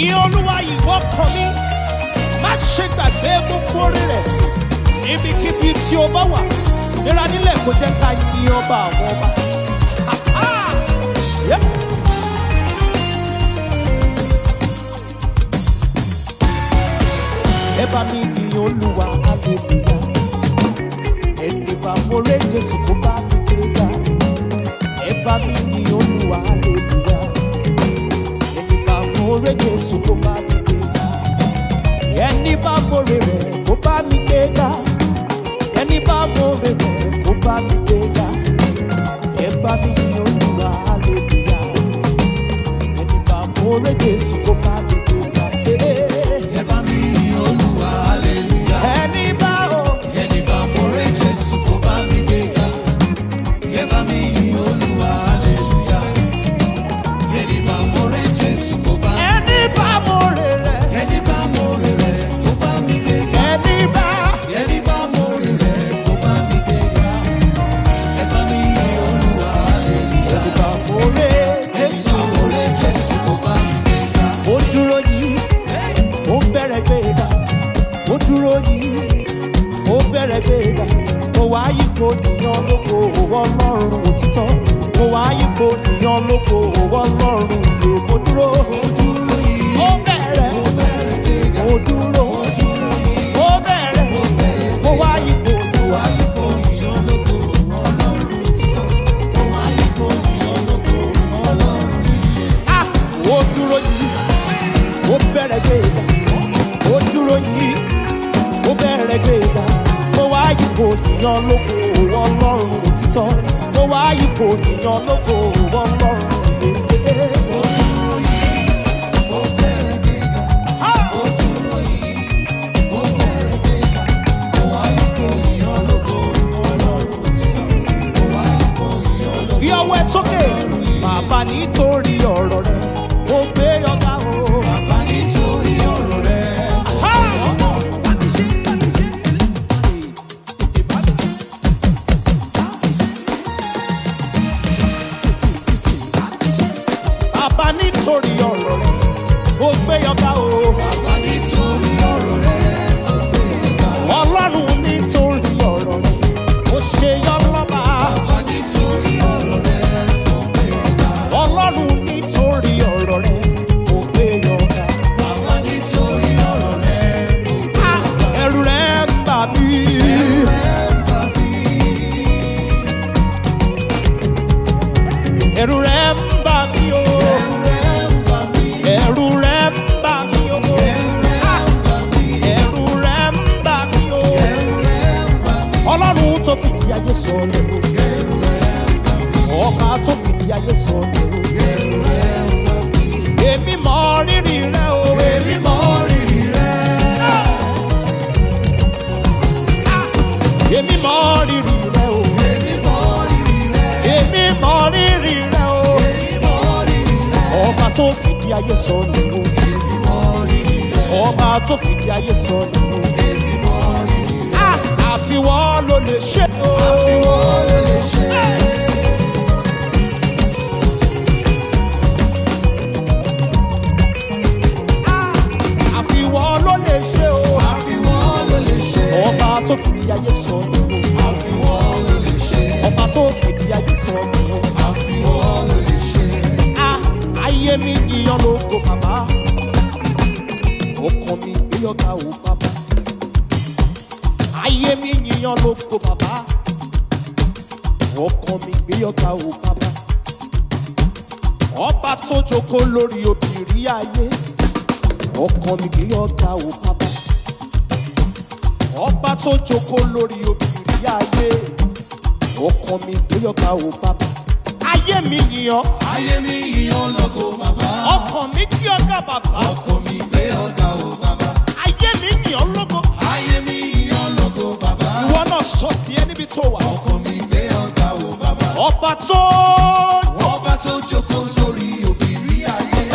ìyẹn olúwa ìwọ kàn mí má ṣe gbàgbé gbogbo orí rẹ níbikíbi tí o bá wà nira nílẹ̀ kó jẹ́ ká yin ọba àwọn ọba. ẹ̀bá mi ni olúwa alẹ́lúwa ẹni bá mọ̀rẹ́ jésù kó bá mi dé bá ẹ̀bá mi ni olúwa alẹ́lúwa oore Jésù kó bá mi gbé ga ẹni bá mọ̀rẹ́ rẹ̀ kó bá mi gbé ga ẹni bá mọ̀rẹ́ rẹ̀ kó bá mi gbé ẹ bá mi yìn Olúwa hallelujah ẹni bá mọ̀rẹ́ Jésù kó bá mi gbé dúró yìí ó bẹ̀rẹ̀ gbéga mo wá yípo nìyàn lóko òwò ọlọ́run òtítọ́ mo wá yípo nìyàn lóko òwò ọlọ́run ìyè mo dúró. yíyan lógo ọlọ́run òtítọ́ mo wá ipò yíyan lógo ọlọ́run. tó fìdí ayé sọlẹ̀ o ọba tó fìdí ayé sọlẹ̀ o èmi mọ rírì rẹ o èmi mọ rírì rẹ èmi mọ rírì rẹ o èmi mọ rírì rẹ o ọba tó fìdí ayé sọlẹ̀ o ọba tó fìdí ayé sọlẹ̀ o àfiwọ́ ló lè ṣe. àfiwọ́ ló lè ṣe. àfiwọ́ ló lè ṣe o. àfiwọ́ ló lè ṣe. ọba tó fìdí ayé sọ nínú. àfiwọ́ ló lè ṣe. ọba tó fìdí ayé sọ nínú. àfiwọ́ ló lè ṣe. ayé mi ìyọ́n ló bàbá ọkàn mi gbé ọ̀gá òbá ayé mi yíyan ló kó bàbá ọkàn mi gbé ọ̀tá ò bàbá ọba tó jókòó lórí obìnrin ayé ọkàn mi gbé ọ̀tá ò bàbá ọba tó jókòó lórí obìnrin ayé ọkàn mi gbé ọ̀tá ò bàbá ayé mi yíyan. ayé mi yíyan lógo bàbá. ọkàn mi gbé ọ̀gá bàbá. ọkàn mi gbé ọ̀gá ò bàbá. sọ tiẹ̀ níbi tó wà. ọkọ mi gbé ọ̀gá o bàbá. ọba tó. ọba tó jókòó sórí òbírí ayé.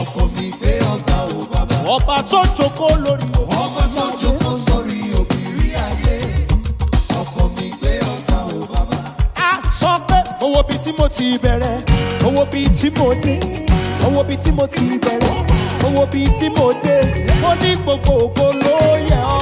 ọkọ mi gbé ọ̀gá o bàbá. ọba tó jókòó lórí o. ọba tó jókòó sórí òbírí ayé. ọkọ mi gbé ọ̀gá o bàbá. a sọ pé owó bíi tí mo ti bẹ̀rẹ̀ owó bíi tí mo dé owó bíi tí mo ti bẹ̀rẹ̀ owó bíi tí mo dé mo ní gbogbo ògo ló yẹ ọ́.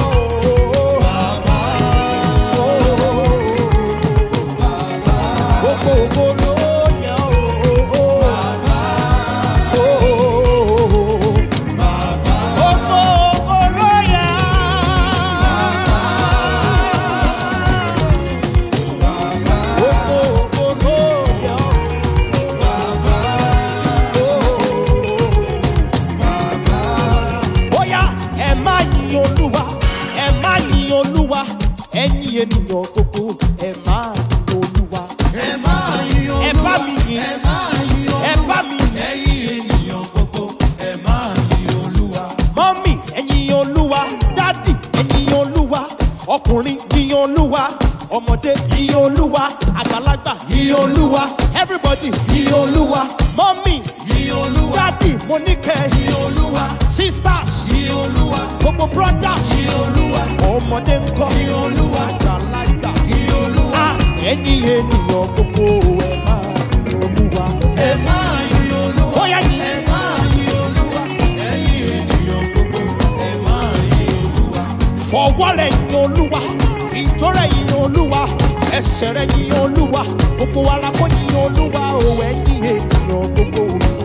ẹsẹ̀ rẹ ní olúwa gbogbo wa la kó ní olúwa òwe ní ènìyàn gbogbo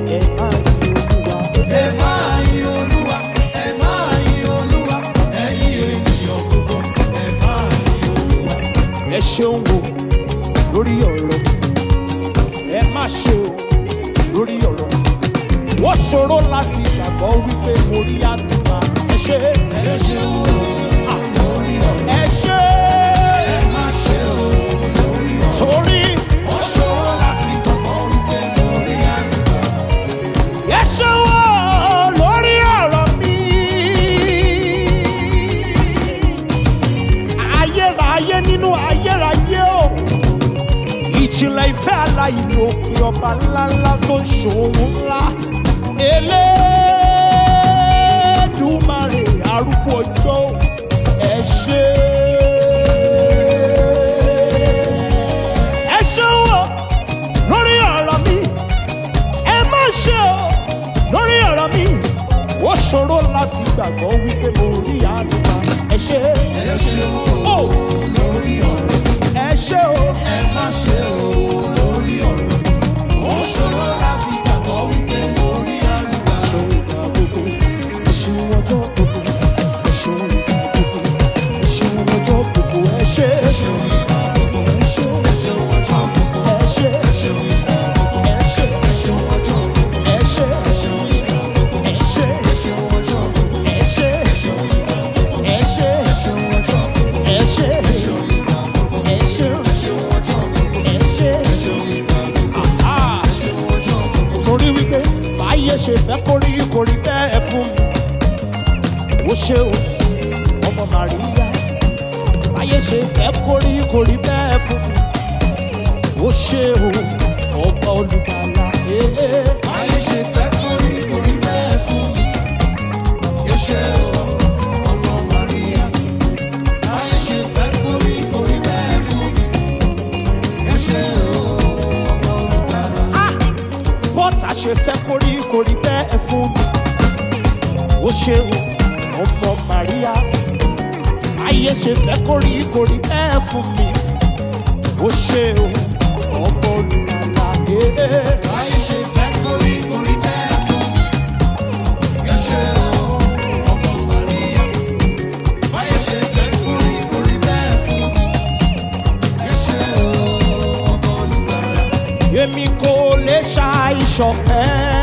ẹ̀ máa ní olúwa. ẹ máa yí olúwa ẹ máa yí olúwa ẹ̀yin ènìyàn gbogbo ẹ máa yí olúwa. ẹ ṣeun o lórí ọ̀rọ̀ ẹ má ṣe o lórí ọ̀rọ̀ wọ́n ṣòro láti gbàgbọ́ wípé mo rí àdúrà ẹ ṣe ẹ ṣeun o. torí ó ṣòro láti gbàgbọ́ wípé lórí àgbà. ẹ ṣòwò lórí ọ̀rọ̀ mi. ayérayé nínú ayérayé o ìjìnlẹ̀ ìfẹ́ aláyé ni òpin ọba ńláńlá tó ń ṣòwò ńlá elédùmarè arúgbó ọjọ́. ṣòro láti gbàgbọ́ wípé mo rí àdúrà ẹ ṣé. ẹ ṣé o oh. lórí ọ̀rọ̀. ẹ ṣé o. ṣe fẹ́ kórí kórí bẹ́ẹ̀ fún mi ó ṣe o ọba olùbàlà ee. Eh, eh. ayé ṣe fẹ́ kórí kórí bẹ́ẹ̀ fún mi ó ṣe o. ṣe fẹ́ kórí kórí bẹ́ẹ̀ fún mi ó ṣe o ọmọ màríà báyé ṣe fẹ́ kó rí bẹ́ẹ̀ fún mi ó ṣe o ọmọ olùkàlà ẹ̀. báyé ṣe fẹ́ kó rí kò rí bẹ́ẹ̀ fún mi ó ṣe o. èmi kò lè ṣàìṣọ̀kan.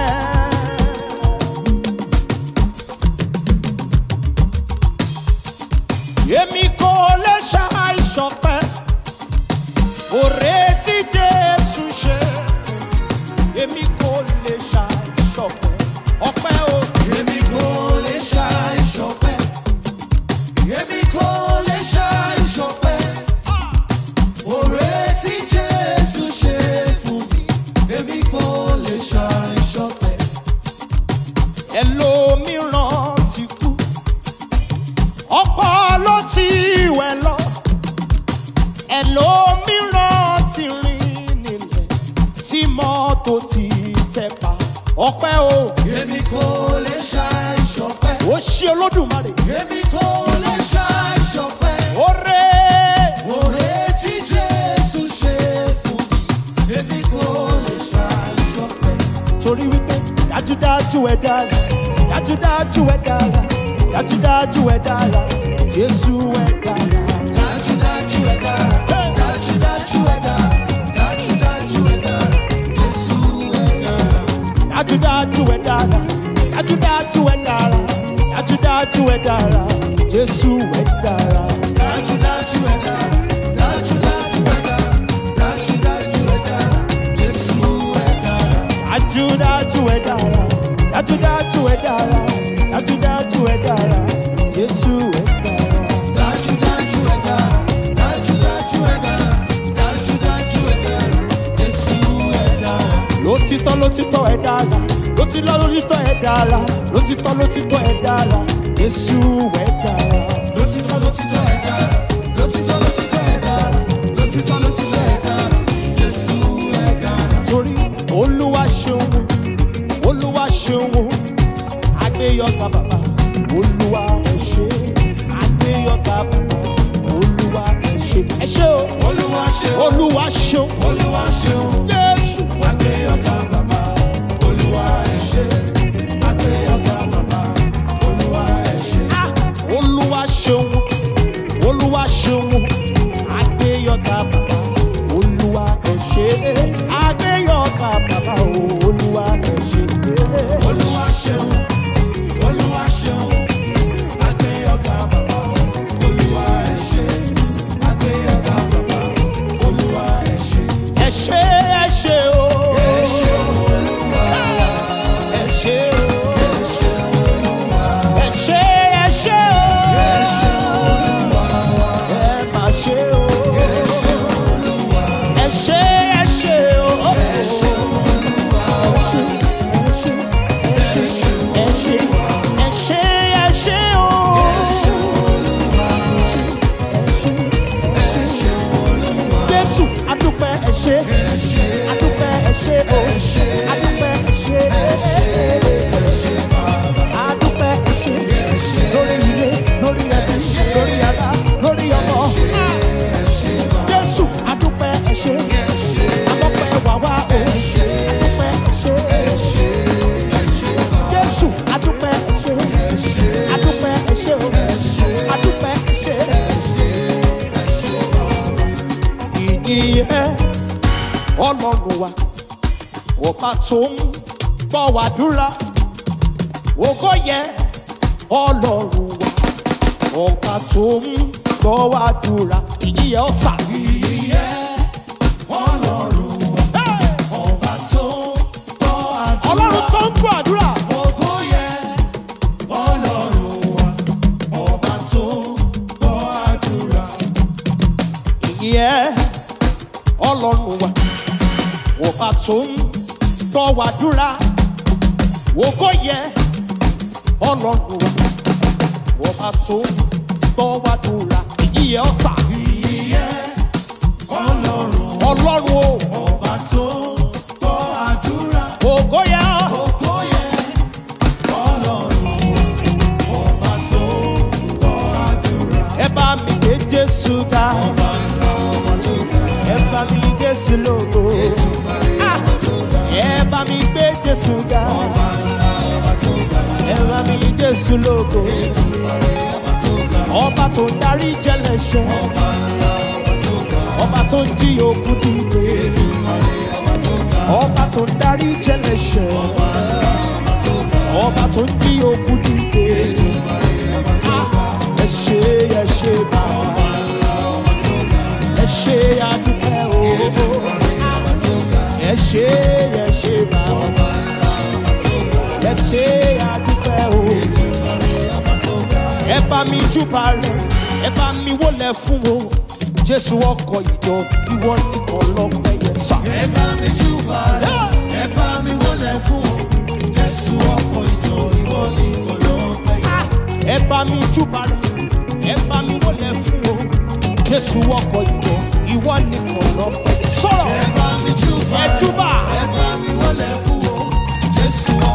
tó ti tẹ̀pa ọpẹ́ o. èmi kò lè ṣàì ṣọpẹ́. ó ṣe olódùmarè. èmi kò lè ṣàì ṣọpẹ́. oore. oore tí jésù ṣe fún mi. èmi kò lè ṣàì ṣọpẹ́. torí wípé dájúdájú ẹ dára dájúdájú ẹ dára dájúdájú ẹ dára jésù ẹ dára. dájúdájú ẹ dára. to die to a dollar, that to die to a dollar, that to die to a dollar, Jesus to a dollar, that to die to a dollar, that to die to a dollar, Jesus to a dollar, that to Jesus to lótítọ́ lótítọ́ ẹ̀ dára lótítọ́ lótítọ́ ẹ̀ dára lótítọ́ lótítọ́ ẹ̀ dára Jésù ẹ̀ dára. lótítọ́ lótítọ́ ẹ̀ dára lótítọ́ lótítọ́ ẹ̀ dára lótítọ́ lótítọ́ ẹ̀ dára Jésù ẹ̀ dára. torí Olúwa ṣeun Olúwa ṣeun adéyọta bàbá Olúwa ẹ ṣé adéyọta bàbá Olúwa ẹ ṣé ẹ ṣé o Olúwa ṣeun Olúwa ṣeun Olúwa ṣeun. troubles ọba tó ń gbọ́ wàdúrà ògo yẹ ọlọ́run wa ọba tó ń gbọ́ wàdúrà ìyẹ́ ọ̀sà. ìyẹ́ ọlọ́run wa ọba tó ń gbọ́ àdúrà. ọlọ́run tó ọlọ́run wa ọba tó ń gbọ́ wàdúrà wò kó yẹ ọlọ́run wa ọba tó gbọ́ wàdúrà èyí yẹ ọ̀sà. èyí yẹ ọlọ́run ọlọ́run o ọba tó gbọ́ àdúrà wò kó yẹ. Jésù ga, ẹ bá ẹ mi gbé jésù ga ọba mi jésù lógo ètò ìpàdé ọba tó ga ọba tó ń darí jẹlẹṣẹ ọba ńlá ọba tó ga jí òkú dìde ọba tó darí jẹlẹṣẹ ọba tó jí òkú dìde ètò ìpàdé bá ọba adúpẹ́ òwò ẹ ṣé ẹ ṣé bàbá ẹ ṣé àdúpẹ́ o ẹ bá mi júbà rẹ ẹ bá mi wólẹ̀ fún o jésù ọkọ̀ ìjọ ìwọ nìkan lọ́pẹ́ yẹn sà. ẹ bá mi júbà rẹ ẹ bá mi wólẹ̀ fún o jésù ọkọ̀ ìjọ ìwọ nìkan lọ́pẹ́ yẹn. ẹ bá mi júbà rẹ ẹ bá mi wólẹ̀ fún o jésù ọkọ̀ ìjọ ìwọ nìkan lọ́pẹ́ yẹn sọ̀rọ̀ ẹ túbà. ẹ bá mi wọlé fún o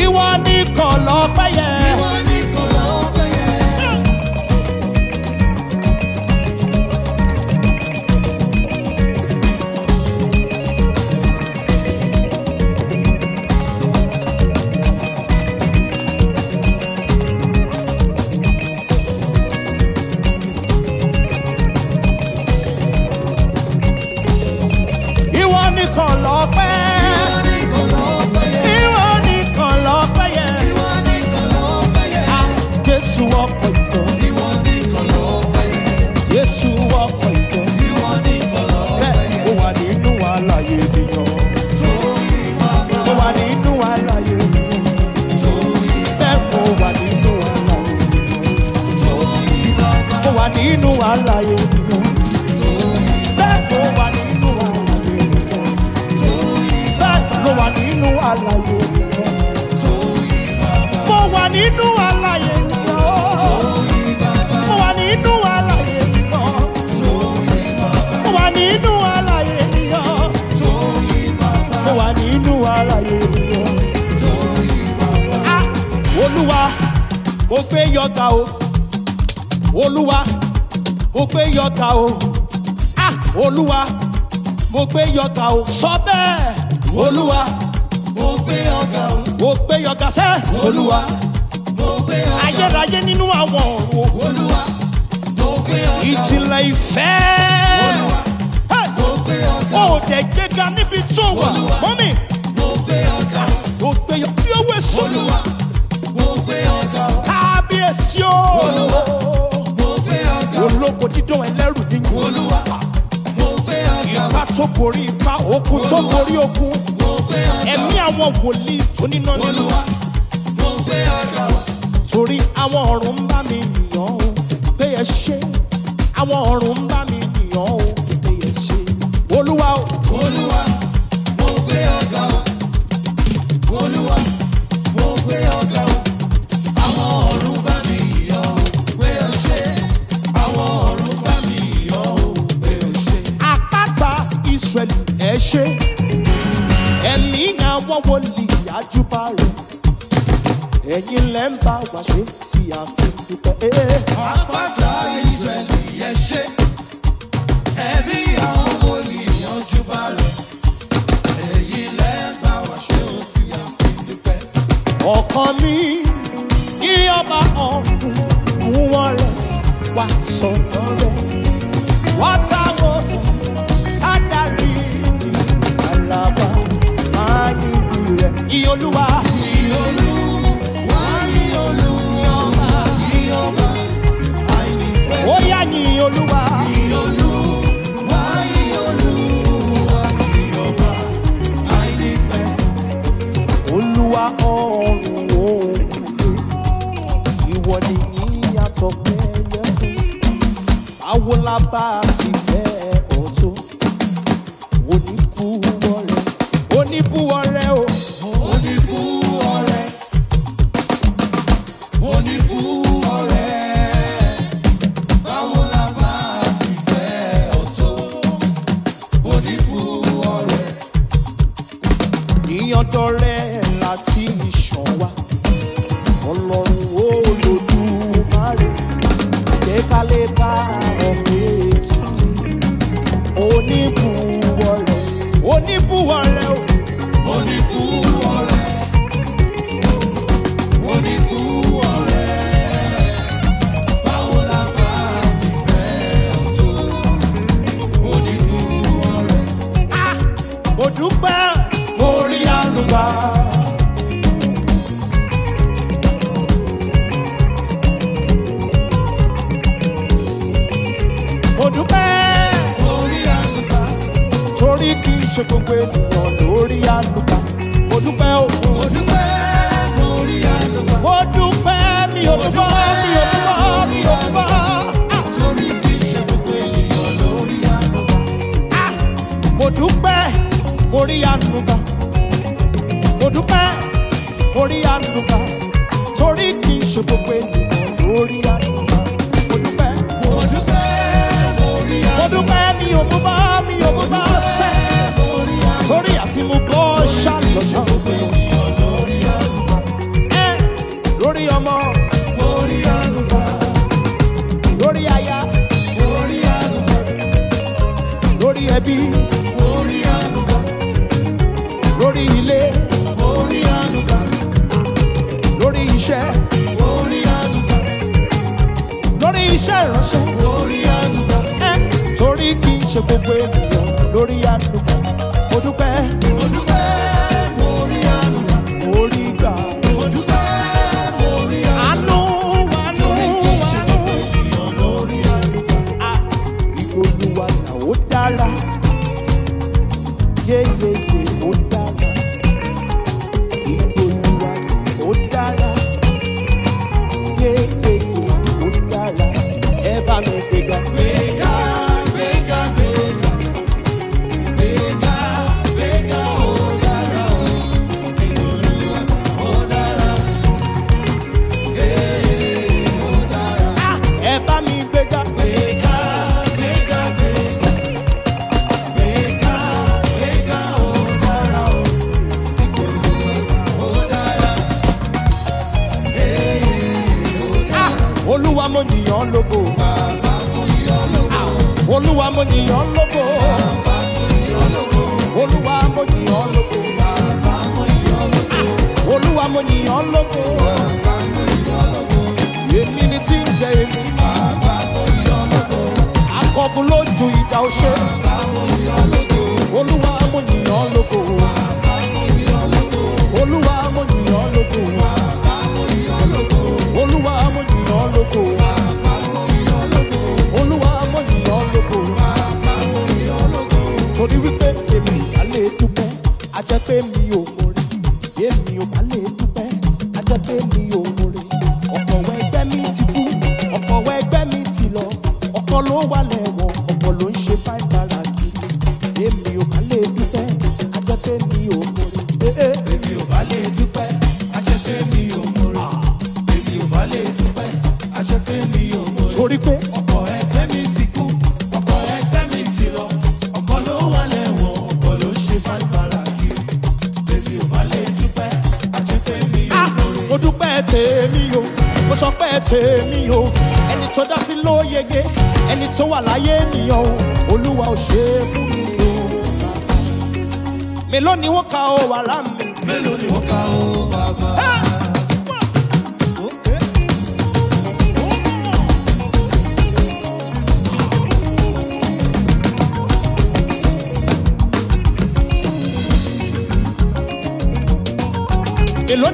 ìwọ nìkan lọ́pẹ́ yẹ. yẹ. nínú àlàyé nìkan ó. mo wà nínú àlàyé nìkan. mo wà nínú àlàyé nìkan. mo wà nínú àlàyé nìkan. olúwa mo gbé yọta o olúwa mo gbé yọta o olúwa mo gbé yọta o sọ bẹ́ẹ̀ olúwa. mo gbé ọ̀gá o. mo gbé ọ̀gá sẹ́. olúwa ayérayé nínú àwọn ọ̀rọ̀ ìjìnlẹ̀ ìfẹ́ ó dẹ̀ gbéga níbi tó wà mọ́mì ó gbé yọ bí owó èso kábíyèsí o olóko dídán ẹlẹ́rù nìyí ipa tó borí ipa okun tó borí okun ẹ̀mí àwọn wòlíì tó níná nínú torí àwọn ọ̀run ń bá mi nìyàn o pé ẹ ṣe àwọn ọ̀run ń bá mi nìyàn o pé ẹ ṣe olúwa o. olúwa mo gbé ọ̀gá o olúwa mo gbé ọ̀gá o. Israeli ẹ ṣe ẹ̀mí ìyàwó wọlé ẹ̀yin lẹ́ ń bá wa ṣe tí a fi dúpẹ́. àpáta Ísírẹ́lì ẹ ṣé ẹ̀mí àwọn olùyànjú bá rẹ̀ ẹ̀yin lẹ́ ń bá wa ṣe tí a fi dúpẹ́. ọkàn mi kí ọba ọ̀hún mú wọn rẹ̀ wá sọ̀rọ̀ rẹ̀. yorùbá mi yorùbá mi yorùbá. torí kì í ṣe gbogbo ènìyàn lórí ànúgbà. mo dúpẹ́ orí ànúgbà mo dúpẹ́ orí ànúgbà torí kì í ṣe gbogbo ènìyàn lórí ṣe gbogbo ènìyàn lórí àánú harmoni Allah wàrà mi. mélòó ni wọ́n ká ó bàbá. èló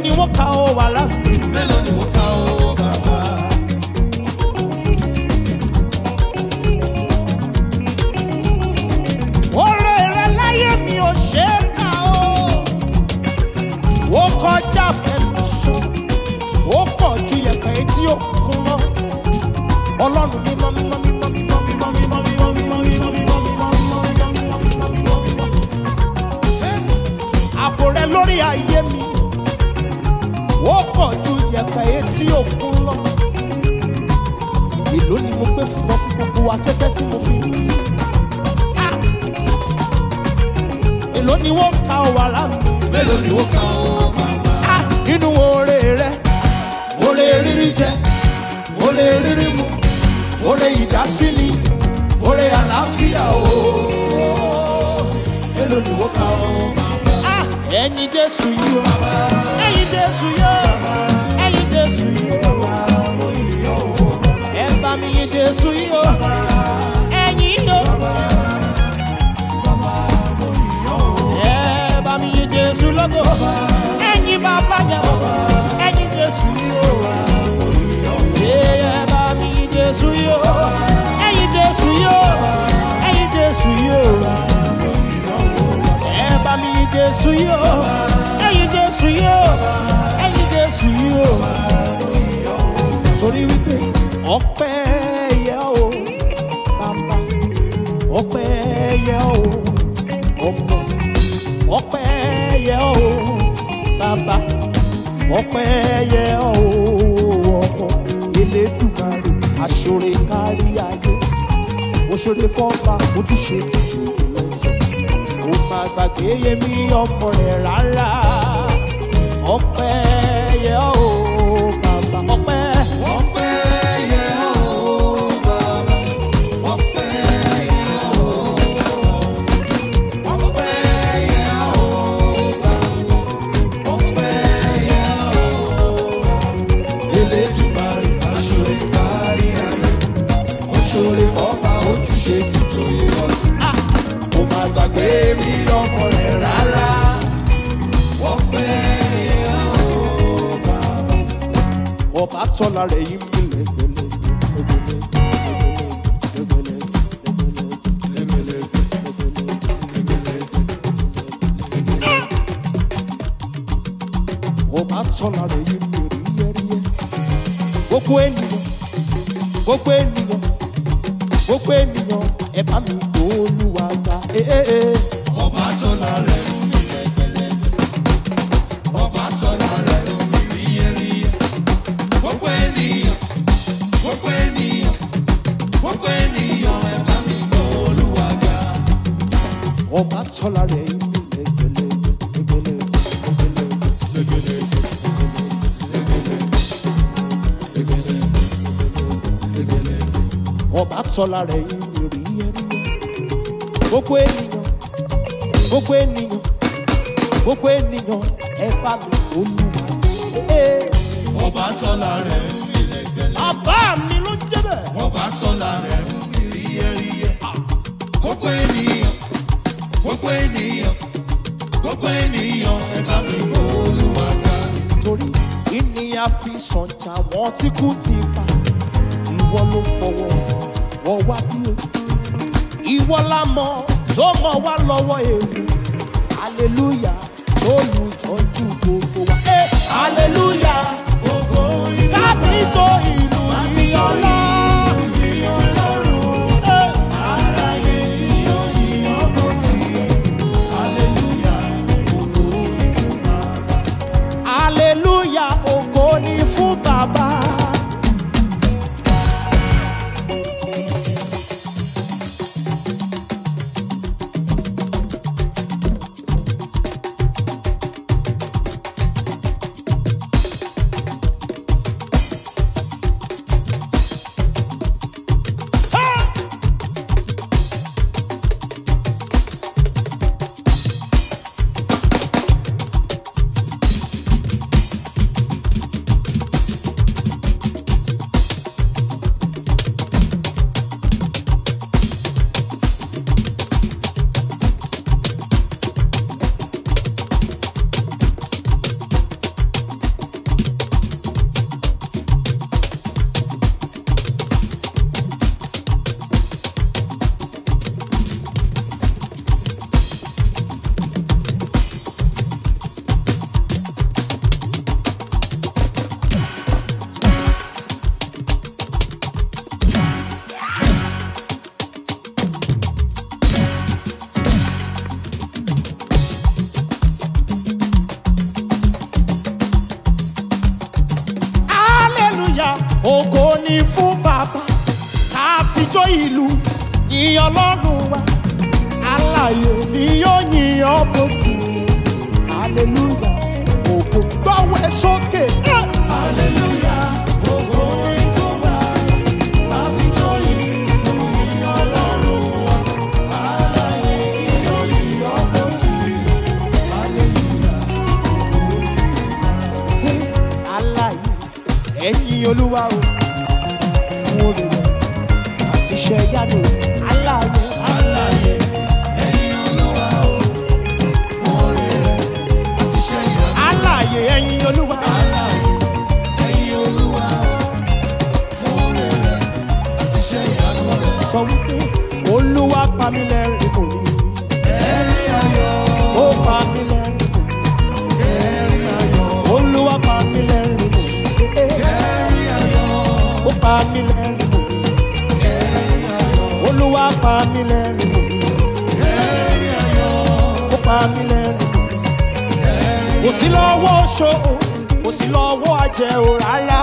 ọpẹ́ yẹ o bàbá ọpẹ́ yẹ o ọmọ ọpẹ́ yẹ o bàbá ọpẹ́ yẹ o ọkọ elédùmarè aṣọre kárí ayé òṣèré fọba ojúṣe tuntun ìlọtọ kò má gbàgbé yẹmí ọkọ rẹ rárá. sọ́la rẹ̀ ọba tọ́lá rẹ̀ ìlú lẹ́gbẹ̀lẹ́ lẹ́gbẹ̀lẹ́ lẹ́gbẹ̀lẹ́ lẹ́gbẹ̀lẹ́ ọba tọ́lá rẹ̀ ìlú rí ẹrí gbogbo ènìyàn gbogbo ènìyàn gbogbo ènìyàn ẹ bá mi olúwa ọba tọ́lá rẹ̀ ìlú lẹ́gbẹ̀lẹ́ bàbá mi ló ń jẹ́ bẹ́ẹ̀ ọba tọ́lá rẹ̀ ìlú rí ẹrí gbogbo ènìyàn gbogbo ènìyàn gbogbo ènìyàn ẹ bá mi bò Olúwa ga. torí ìní a fi sànjà wọn tí kú ti pa ìwọ ló fọwọ́ wọ́ wá bí o ìwọ la mọ̀ tó mọ̀ wá lọ́wọ́ ewu hallelujah lólùtọ́jú gbogbo wa. hallelujah. jẹ́ òrálẹ̀.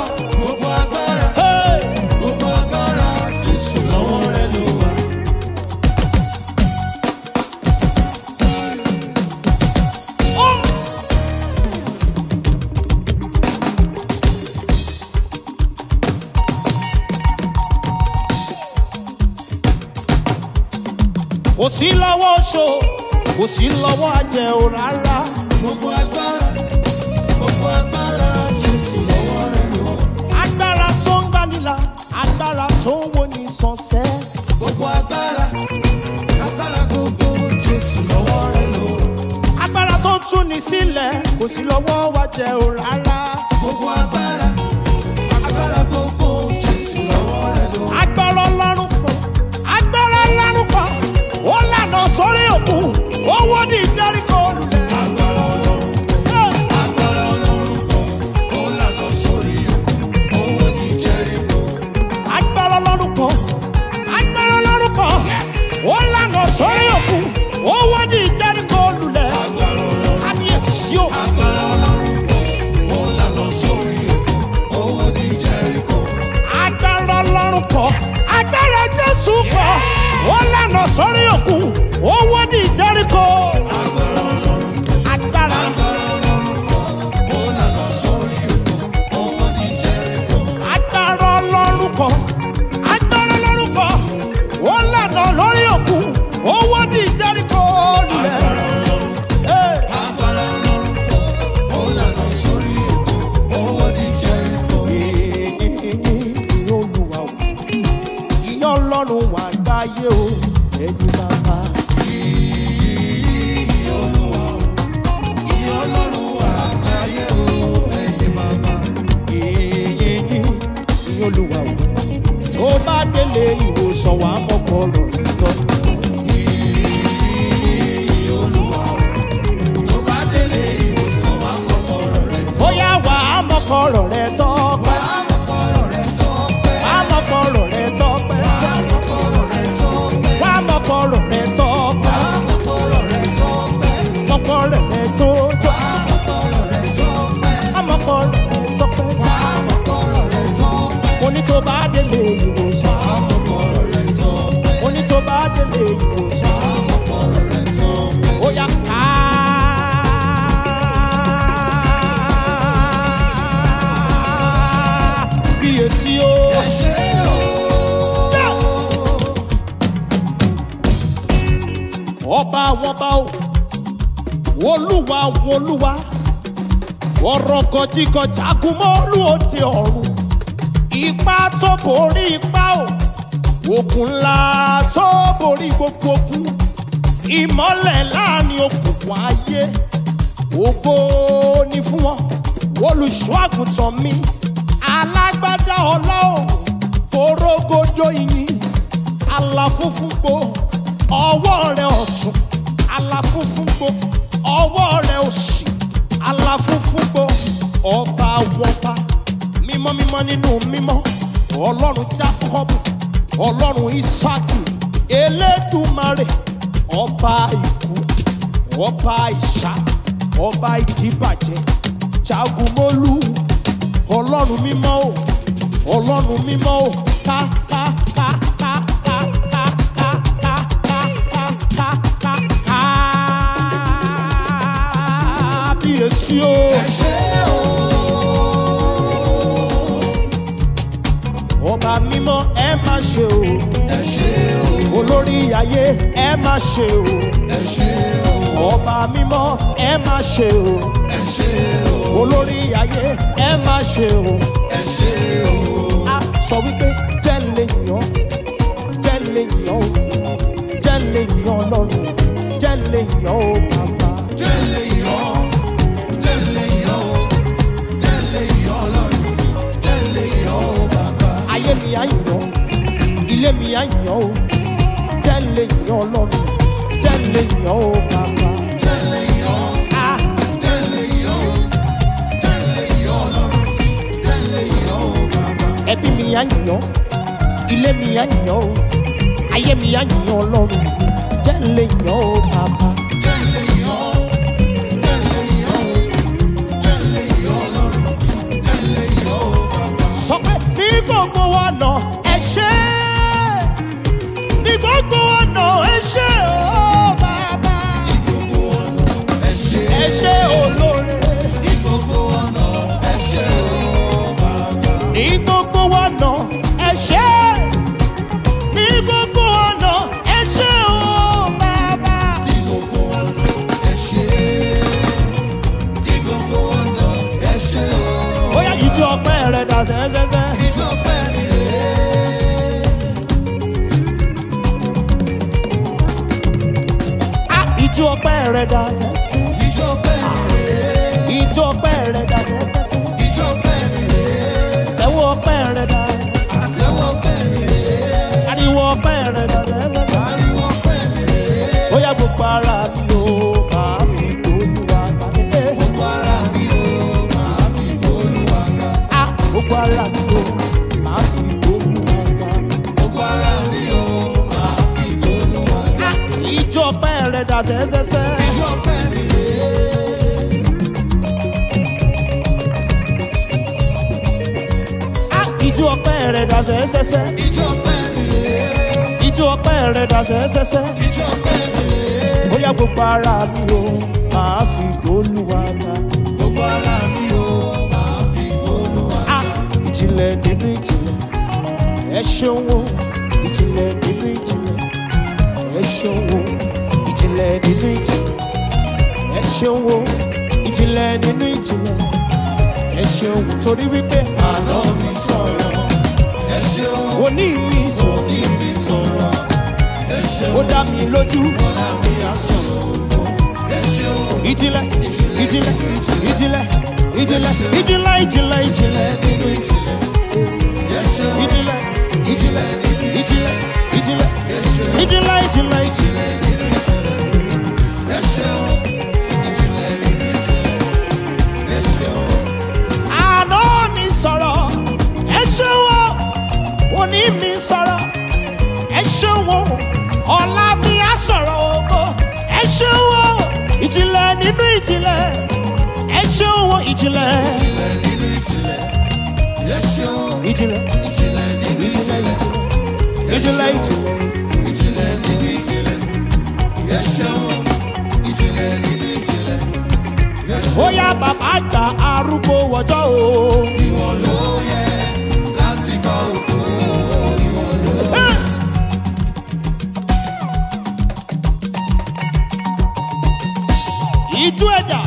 pọ̀ agbára Jésù pọ̀ ó lànà sórí òkun ó wó di Jẹ́ríkò. bàbá o olúwa olúwa ọ̀rọ̀ gọ̀jìgọ̀ jagun mọ́lú òde ọ̀run ipá tó borí ipá o òkun ńlá tó borí gbogbo ogun ìmọ́lẹ̀ láàrin òkùnkùn ayé ògo ni fún wọn olùṣọ́ mi alágbádá ọlá o korogodo ìyìn àlà funfun po ọwọ́ rẹ̀ ọ̀tún aláfúnfúnpo ọwọ́ rẹ̀ òsì aláfúnfúnpo ọba wọba mímọ́ mímọ́ nínú mímọ́ ọlọ́run jacob ọlọ́run isaki elédùmarè ọba ikú ọba ìṣá ọba ìdíbàjẹ́ jagunmólú ọlọ́run mímọ́ o ọlọ́run mímọ́ o ká sí o. ọba mímọ́ ẹ má ṣe o. olórí ayé ẹ má ṣe o. ọba mímọ́ ẹ má ṣe o. olórí ayé ẹ má ṣe o. a sọ wípé jẹ́ lè yàn jẹ́ lè yàn o jẹ́ lè o bàbá. mi á yàn ìdílé mi á yàn o tẹ́lẹ̀ yàn ọlọ́run tẹ́lẹ̀ yàn o bàbá. tẹ́lẹ̀ yàn. ẹbí mi á yàn ilé mi á yàn o ayé mi á yàn ọlọ́run mi jẹ́ ń lè yàn o bàbá. sọ pé ní gbogbo. ta zẹ́zẹ́sẹ́. ìwọ pẹ̀lú rẹ̀. Ijó ọpẹ́ rẹ̀ dà sẹ́sẹ́sẹ́. Ijó ọpẹ́ rẹ̀. Ijó ọpẹ́ rẹ̀ dà sẹ́sẹ́sẹ́. Ijó ọpẹ́ rẹ̀. Bóyá gbogbo ara mi o, màá fi gbólúwa ga. Gbogbo ara mi o, màá fi gbólúwa ga. Ìjìnlẹ̀ nínú ìjìnlẹ̀, ẹ ṣeun o. Ìjìnlẹ̀ nínú ìjìnlẹ̀, ẹ ṣeun o ìjìnlẹ̀ nínú ìjìnlẹ̀ ẹ ṣeun wo ìjìnlẹ̀ nínú ìjìnlẹ̀ ẹ ṣeun wo torí wípé àná mi sọ̀rọ̀ ẹ ṣeun òní mi sọ̀rọ̀ ẹ ṣeun ó dá mi lójú ọ̀la mi á sọ̀rọ̀ ẹ ṣeun ìjìnlẹ̀ ìjìnlẹ̀ ìjìnlẹ̀ ìjìnlẹ̀ ìjìnlẹ̀ ìjìnlẹ̀ ìjìnlẹ̀ nínú ìjìnlẹ̀ ẹ ṣeun ìjìnlẹ̀ ìjìnlẹ̀ ìjìnlẹ̀ ìjìnlẹ̀ ìjìnlẹ̀ ìjìnlẹ̀ ìjìnlẹ̀ ìjìnlẹ̀ ìjìnlẹ̀. ní mi sọ̀rọ̀ ẹ ṣòwò ọ̀la mi á sọ̀rọ̀ ògbó ẹ ṣòwò ìjìnlẹ̀ nínú ìjìnlẹ̀ ẹ ṣòwò ìjìnlẹ̀. ìjìnlẹ̀ nínú ìjìnlẹ̀ ẹ ṣòwò ìjìnlẹ̀ ìjìnlẹ̀ nínú ìjìnlẹ̀ ìjìnlẹ̀ ìjìnlẹ̀ ìjìnlẹ̀ nínú ìjìnlẹ̀ ẹ ṣòwò ìjìnlẹ̀ nínú ìjìnlẹ̀ ẹ ṣòwò. ó bàbá àgbà arúgbó wọjọ́ o. ìwọ ló yẹ. ìtú ẹ̀dá.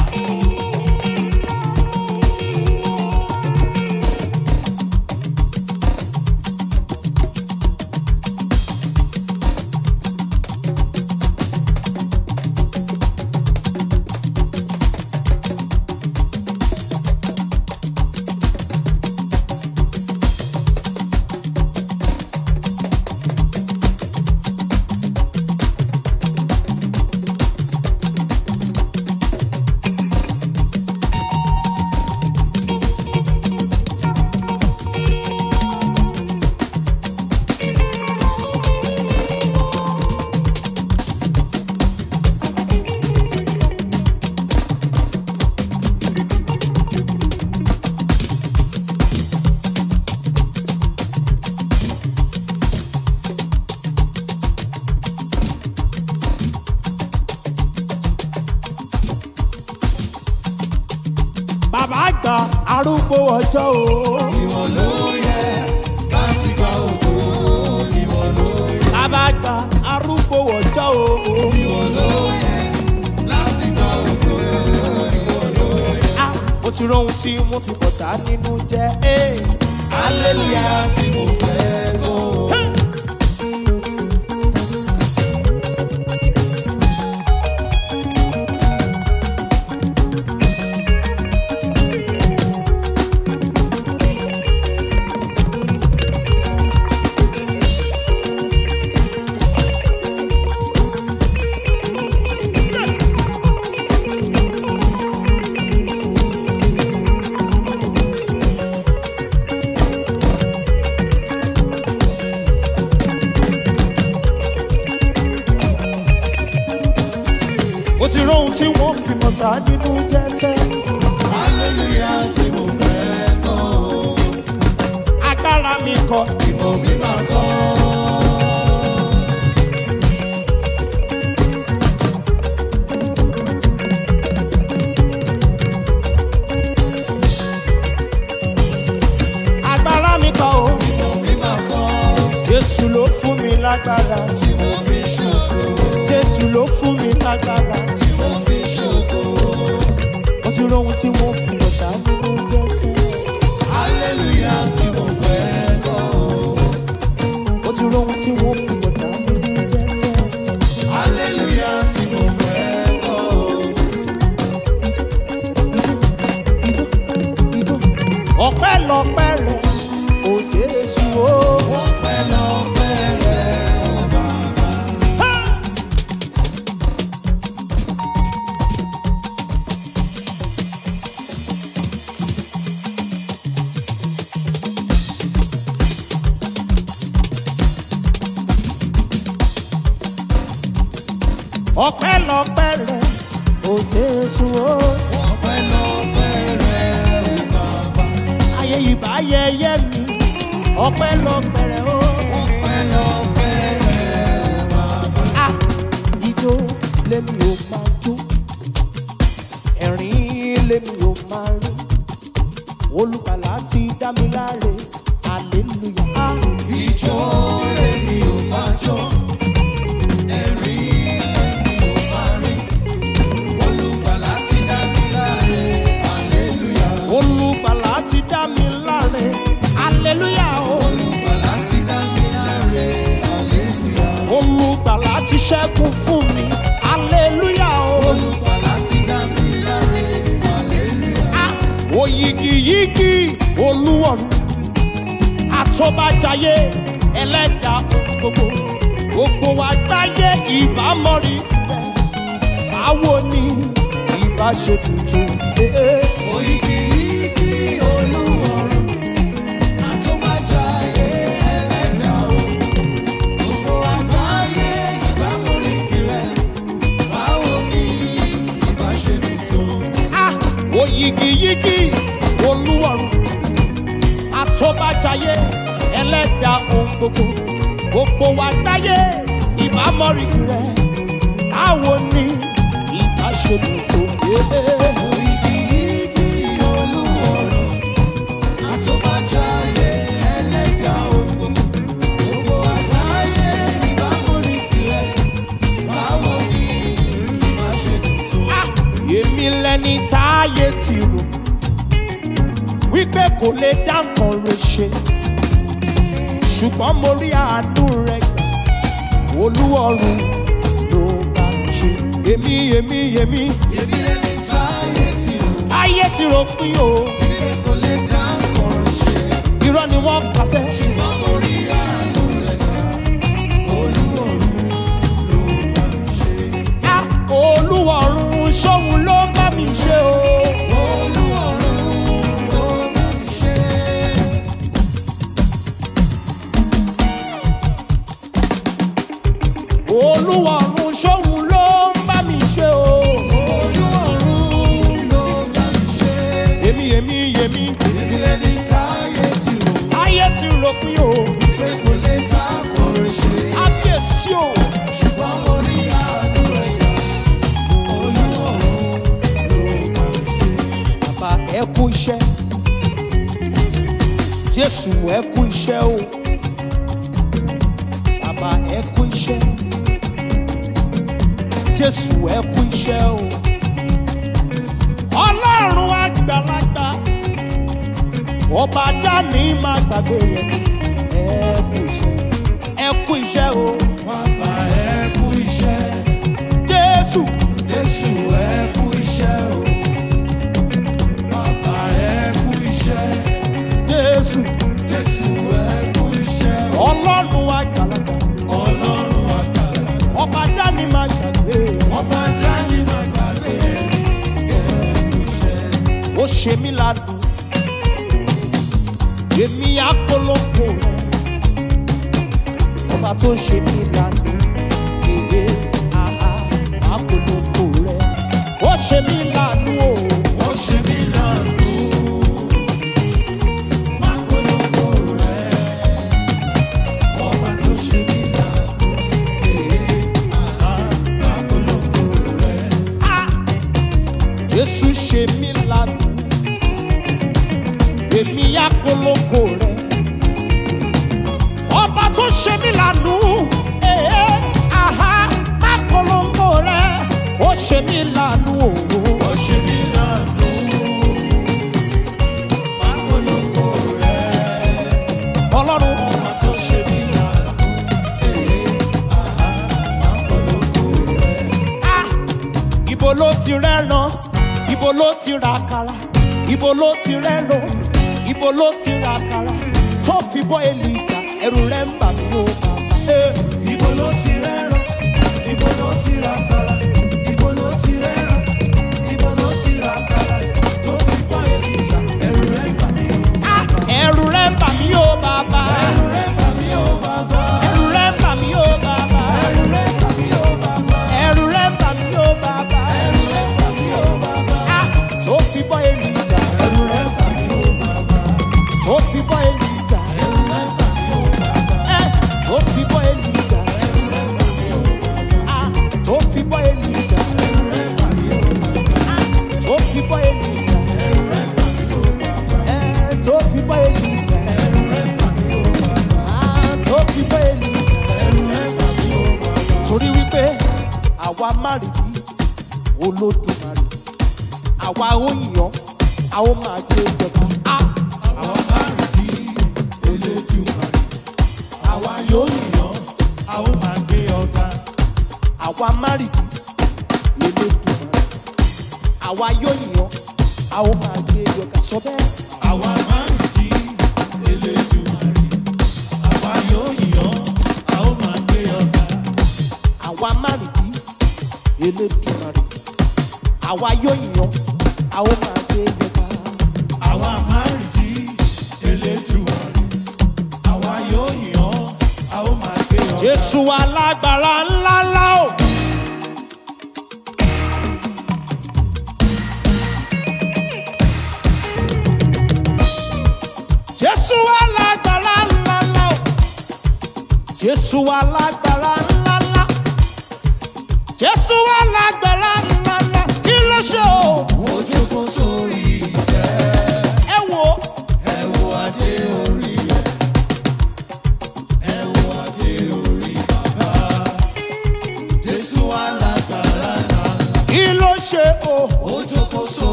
jésù o. ọpẹ́ lọ́pẹ́ rẹ o bàbá. ayé ìbá yẹyẹ mi ọpẹ́ lọ́pẹ́ rẹ o. ọpẹ́ lọ́pẹ́ rẹ o bàbá. a ijó lèmi ò máa jó ẹ̀rín lèmi ò máa rí olùpàlà ti dá mi láre hallelujah. Ah, ijó lèmi ò máa jó. ti ṣẹ́gun fún mi hallelujah o. olùgbàlà ti dá mi láre hallelujah. òyìgìyìgì olúwọ̀rù àtọ́bàjáyé ẹlẹ́dà gbogbo gbogbo àgbáyé ìbámọ́rí báwo ni ìbáṣepọ̀ tó dé. yígiyígi olúwarù àtọ́bàjáyé ẹlẹ́dà ohun gbogbo gbogbo wa gbáyé ìbámọ́rìkì rẹ̀ báwo ni ìbáṣepọ̀ tó yé. ẹni táyé ti rò wípé kò lè dá nǹkan rẹ̀ ṣe ṣùgbọ́n mo rí àánú rẹ̀ gbà olúwọ̀run ló bá ṣe èmi èmi èmi èmi lẹni táyé ti rò táyé ti rò pín o wípé kò lè dá nǹkan ṣe irọ́ ni wọ́n pàṣẹ ṣùgbọ́n mo rí. mi ṣe o. Olúwa. Jésù ẹ kú iṣẹ́ o bàbá ẹ kú iṣẹ́ Jésù ẹ kú iṣẹ́ o Ọlọ́run àgbàlagbà ọba dání máa gbàgbé yẹn ẹ iṣẹ́ ẹ iṣẹ́ o bàbá ẹ iṣẹ́ Jésù Jésù ẹ àtúnṣe it.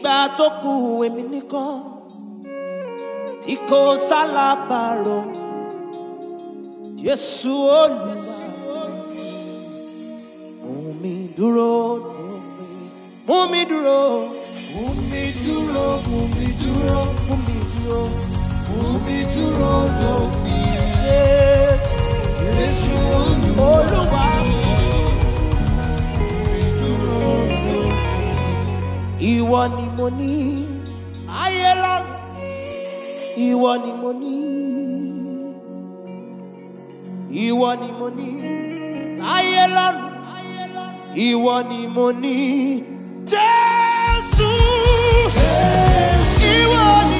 ìgbà tó kù èmi nìkan tí kò sálábàárò Jésù Olúwa mú mi dúró mú mi dúró mú mi dúró mú mi dúró mú mi dúró mú mi dúró dòpin Jésù Jésù Olúwa. I ni mo ní. ayé lọ. ìwọ ni mo ní. ìwọ ni mo ní. ayé ni mo ní. jésù. jésù. ìwọ ni